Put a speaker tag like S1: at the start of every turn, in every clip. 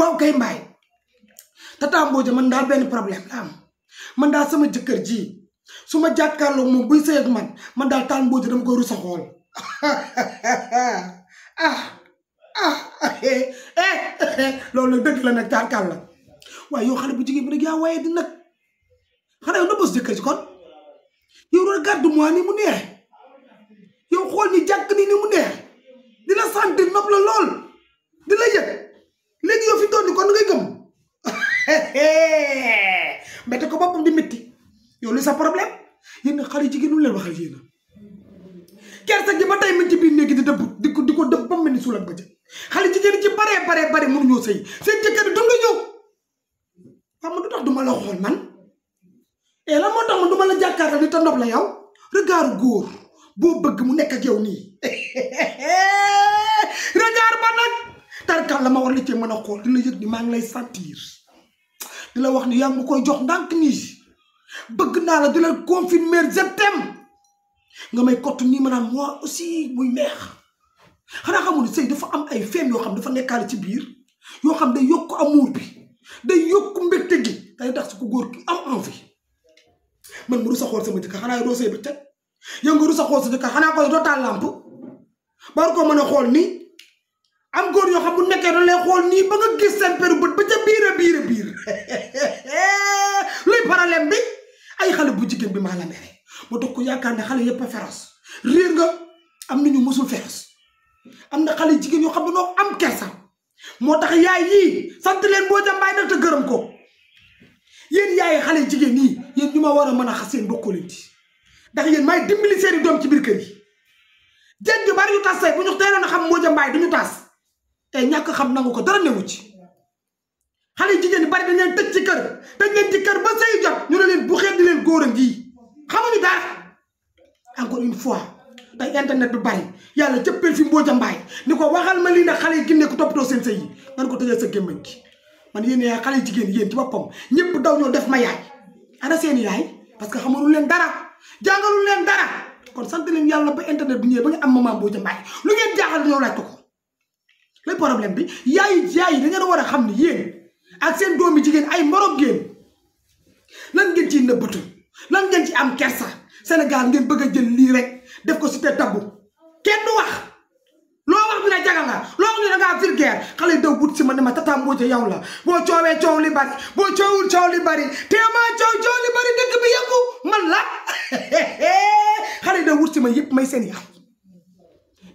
S1: waaw kay mbaay tata Mbodj man daal benn problème la am man daal sama jëkkër ji su ma jàkkaarloo moom buy sëy ak man man daal taal dama koy rus a xool ah ah, ah eh, eh, eh, la nag jàkkaar xale bu jigéen bi nag yaa waaye di nag xanaa na bës jëkkër ji kon yow doon gàddu moi ni mu neex yow xool ni jàkk ni ni mu neex dina sant nopp la lool mais te ko boppam di métti yow li sa problème yéen xale yu leen wax ak yéen kersa gi ma tey mi ci biir néegi di dëbb di ko di ko dëbb ba mu mel ni suul ak bëccëg xale jigéen ci baree baree bare du tax duma la xool man et eh, lan moo tax man duma mu nekk ak yow nii regard ba nag tarkal la ma war la cee mën a xool di la yëg di maa ngi lay sentir di la wax ni yaa ngi koy jox ndànk nii bëgg naa la di la confirmer je t'aime nga may kott nii ma naan moi aussi muy neex xanaa xamul ne sëy dafa am ay feem yoo xam dafa nekkaale ci biir yoo xam day yokk amour bi day yokk mbégte gi day tax su ko góor ki am envie man mu rusa xool sama sëy bëccëg yow nga rusa xool sa jëkkër xanaa ko doo taal làmp bari ko mën a xool nii am góor yoo xam bu nekkee dañ lay xool nii ba nga gis seen peru bët ba ca biir a a biir deuxième bi maa la mere moo tax ku yaakaar ne xale yëpp a féroce nga am na ñu mësul féroce am na xale jigéen yoo xam ne noo am kersa moo tax yaay yii sant leen boo jàmbaay nag te gërëm ko yéen yaay xale jigéen yii yéen ñu ma war a mën a xas seen bokkoo ci ndax yéen may dimbali seeni doom ci biir kër yi jéeg yu bari yu tas say bu ñu teeloon a moo jàmbaay du ñu tas tey ñàkk xam nangu ko dara newu ci xale jigéen yi bari dañ leen tëj ci kër dañ leen ci kër ba say jot ñu ne leen bu xeet di góor a ngi xamuñu dara encore une fois tey internet bi bari yàlla jëppee fi Mbodja Mbaye ni ko waxal ma lii nag xale yi gis ne ko toppatoo seen sëy yi nga ko tëjal sa gémmañ gi man yéen yaay xale jigéen yéen ci boppam ñëpp daw ñoo def ma yaay ana seen yaay parce que xamalul leen dara jàngalul leen dara kon sant leen yàlla ba internet bi ñëwee ba nga am maman Mbodja Mbaye lu ngeen jaaxal dañoo laaj ko ko le problème bi yaay yaay yi da ngeen war a xam ne yéen ak seen doomi jigéen ay morom ngeen lan ngeen ciy nëbbatu lan ngeen ci am kersa Sénégal ngeen bëgg a jël lii rek def ko si cité tabou kenn du wax loo wax bi ne jagal la loo wax ñu da a vulgaire xale yi daw wut si ma ne ma Tata Mbodj yow la boo coowee coow li boo coowul coow li bari téema coow coow li bari man la xale yi daw ma yëpp may seen yaay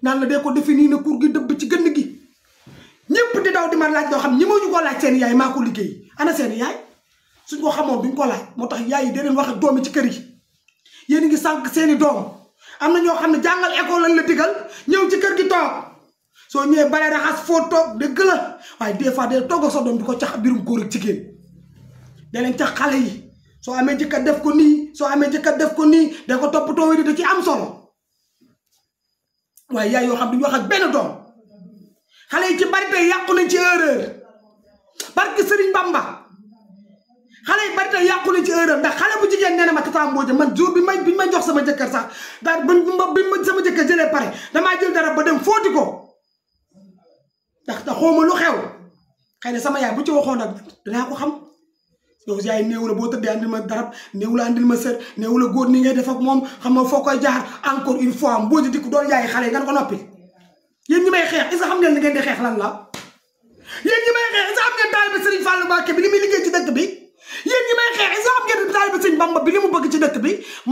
S1: naan la dee ko defi nii na kuur gi dëbb ci gën gi ñëpp di daw di ma laaj doo xam ñi ma ñu koo laaj seen yaay maa ko liggéey ana seen yaay suñ koo xamoon duñ ko laaj moo tax yaay yi dee wax ak doom yi ci kër yi yéen ngi sànq seeni doom am na ñoo xam ne jàngal école lañ la digal ñëw ci kër gi toog soo ñëwee bare raxas foo toog dëgg la waaye des fois day toog ak sa doom di ko cax birum góor ak jigéen da cax xale yi soo amee jëkkat def ko nii soo amee jëkkat def ko nii da ko toppatoo wéri da ci am solo waaye yaay yoo xam duñ wax ak benn doom xale yi ci bari tey yàqu nañ ci erreur barke Sëriñ Bamba xale yi bari na yàqule ci heure ndax xale bu jigéen nee na ma Tata Mbodj man jour bi ma bi ma jox sama jëkkër sax daa bi ma sama jëkkër jëlee pare damaa jël dara ba dem fóoti ko ndax da xawma lu xew xëy na sama yaay bu ci waxoon nag dinaa ko xam yow yaay néew boo tëddee andil ma darab néew la andil ma sër néew la góor ni ngay def ak moom xam nga foo koy jaar encore une fois Mbodj di ko doon yaay xale yi nga ko noppi yéen ma may xeex est-ce que xam ngeen li ngeen di xeex lan la yéen bi li muy liggéey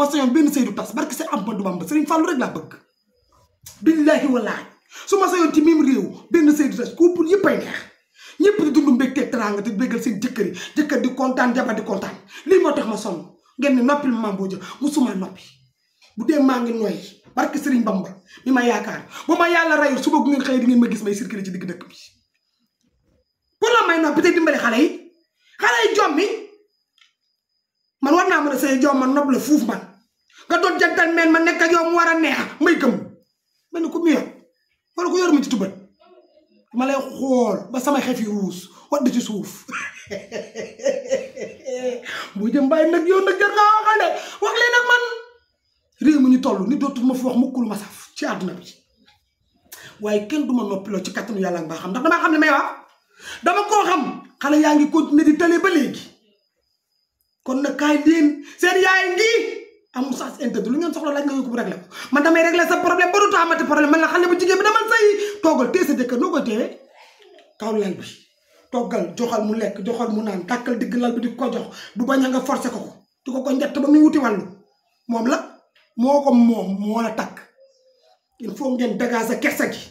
S1: ma sañoon benn sëy du tas barke si am du rek laa bëgg billaahi wallaahi su ma sañoon ci même réew benn sëy du tas couple yëppay neex ñëpp di dund mbégte teraanga di béggal seen jëkkër di kontaan jabar di kontaan lii moo tax ma sonn ngeen ne noppil ma mboo jë musuma noppi bu dee maa ngi nooy barke Sëriñ Bamba ma yaakaar bu ma yàlla rayul suba gu ngeen xëy ma gis may circulé ci digg dëkk bi pour la may noppi te dimbale xale yi xale yi jommi man war naa mën a sëy jom man nopp la fuuf man nga doon gentleman ma nekk ak yow mu war a neex may gëm mel ni ku mu yor ku yor ma ci tubat ma xool ba sama xef yi ruus ci suuf bu jëm bàyyi nag yow nag jar wax leen nag man ñu toll ni dootul ma fi wax ci àdduna bi waaye kenn du ma noppiloo ci kattanu yàlla nga xam ndax damaa xam ne may wax dama koo xam xale yaa ngi continuer di tële ba léegi kon nag kaay seen yaay ngi amul sens interdit lu ngeen soxla laaj nga yokku bu réglé ko man damay réglé sa problème ba du taamati problème man la xale bu jigéen bi damal say toogal tee sa jëkkër noo koy teewee kaw lal bi toggal joxal mu lekk joxal mu naan tàkkal digg lal bi di ko jox du bañ a nga forcé ko ko di ko ko njett ba muy wuti wàllu moom la moo ko moom moo la takk il faut ngeen dagaase kersa gi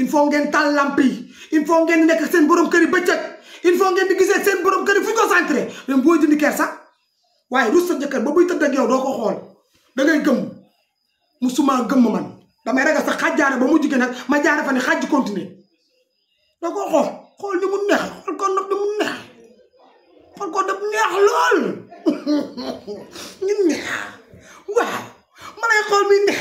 S1: il faut ngeen taal lamp yi il faut ngeen nekk seen borom kër yi bëccëg il faut ngeen di gisee seen borom kër yi fu ñu ko boo dindi kersa waaye rus sa jëkkër ba buy tëdd ak yow doo ko xool da ngay gëmm musuma gëmm man damay ragal sa xajjaare ba mu jigéen nag ma jaare fa ne xajj continuer doo ko xool xool ni mu neex xool ko nopp ni mu neex xool ko daf neex lool ñu neex waaw ma lay xool mi neex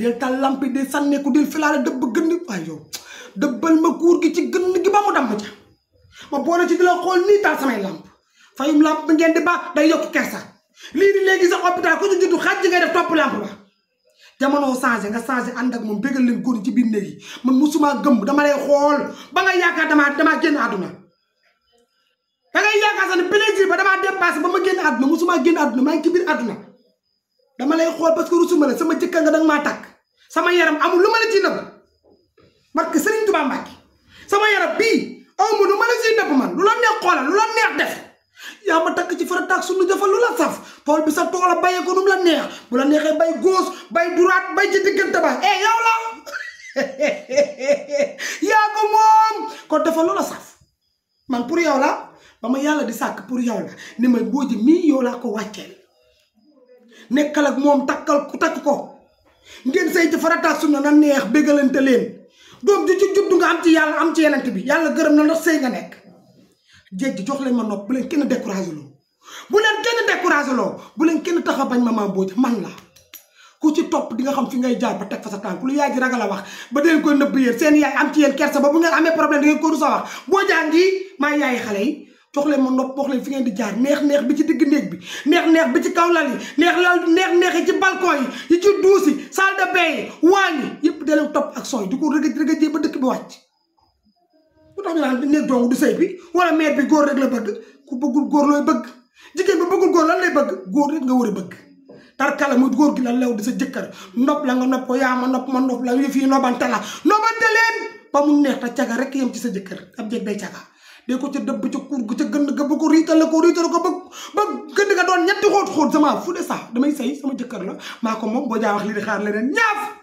S1: del tal lampi del sànneeku del filaale dëbb gën ay yow dëbbal ma kuur gi ci gën gi ba mu damm ca ma boole ci di la xool nii taal samay lamp fayum lamp bi ngeen di baax day yokk kersa lii di léegi sax hôpital ku ci juddu xaj ngay def topp lamp ba jamono changé nga changé ànd ak moom bégal leen góor ci biir néeg yi man musuma gëm dama lay xool ba nga yaakaar damaa damaa génn àdduna da ngay yaakaar sax ne plaisir ba damaa dépassé ba ma génn àdduna musuma génn àdduna maa ngi ci biir àdduna dama lay xool parce que rusuma la sama jëkka nga danga maa tàkk sama yaram amul lu ma la ci nëbb parce que Serigne sama yaram bii amul lu ma la ci nëbb man lu la neex xoolal lu la neex def yaa ma takk ci farataak sunu dafa lu la saf tool bi sa tool a bayee ko nu la neex bu la neexee bay góos bay duraat bay ci diggante ba eh la yaa ko moom kon dafa lu la saf man pour yow la ba ma yàlla di sàkk pour yow la ni may booji mii yow laa ko wàcceel nekkal ak moom takkal ku takk ko ngeen saytu farataas sunna na neex bégalante leen doom ju ci juddu nga am ci yàlla am ci yenent bi yàlla gërëm na ndax sëy nga nekk jéeg jox leen ma nopp bu leen kenn découragé loo bu leen kenn découragé loo bu leen kenn tax a bañ maman Mbodj man la ku ci topp di nga xam fi ngay jaar ba teg sa tànk lu yaay ji a wax ba deen koy nëbb yéen seen yaay am ci yéen kersa ba bu ngeen amee problème da ngeen ko rus a wax boo jàngi maa yaay xale yi jox leen ma nopp wax leen fi ngeen di jaar neex neex bi ci digg néeg bi neex neex bi ci kaw lal yi neex lal neex neex yi ci balcon yi yi ci duus yi salle de bain yi waañ yi yëpp da leen topp ak sooy di ko rëgëj rëgëjee ba dëkk bi wàcc bu tax ñu naan du sëy bi wala meer bi góor rek la ku bëggul góor looy bëgg jigéen bi bëggul góor lan bëgg góor rek nga wër a bëgg tarkala muy góor gi la lew di sa jëkkër nopp la nga nopp ko yaa ma nopp ma nopp la yëf yi nobante la nobante leen ba mu neex ta caga rek yem ci sa jëkkër ab jeeg day caga de ko ca dëbb ca kuur gu ca gënd ga ba ko riitale ko riitale ko ba ba gënd ga doon ñetti xóot xóot sama fu de damay sëy sama jëkkër la maa ko moom boo jaa wax li di xaar leneen ñaaf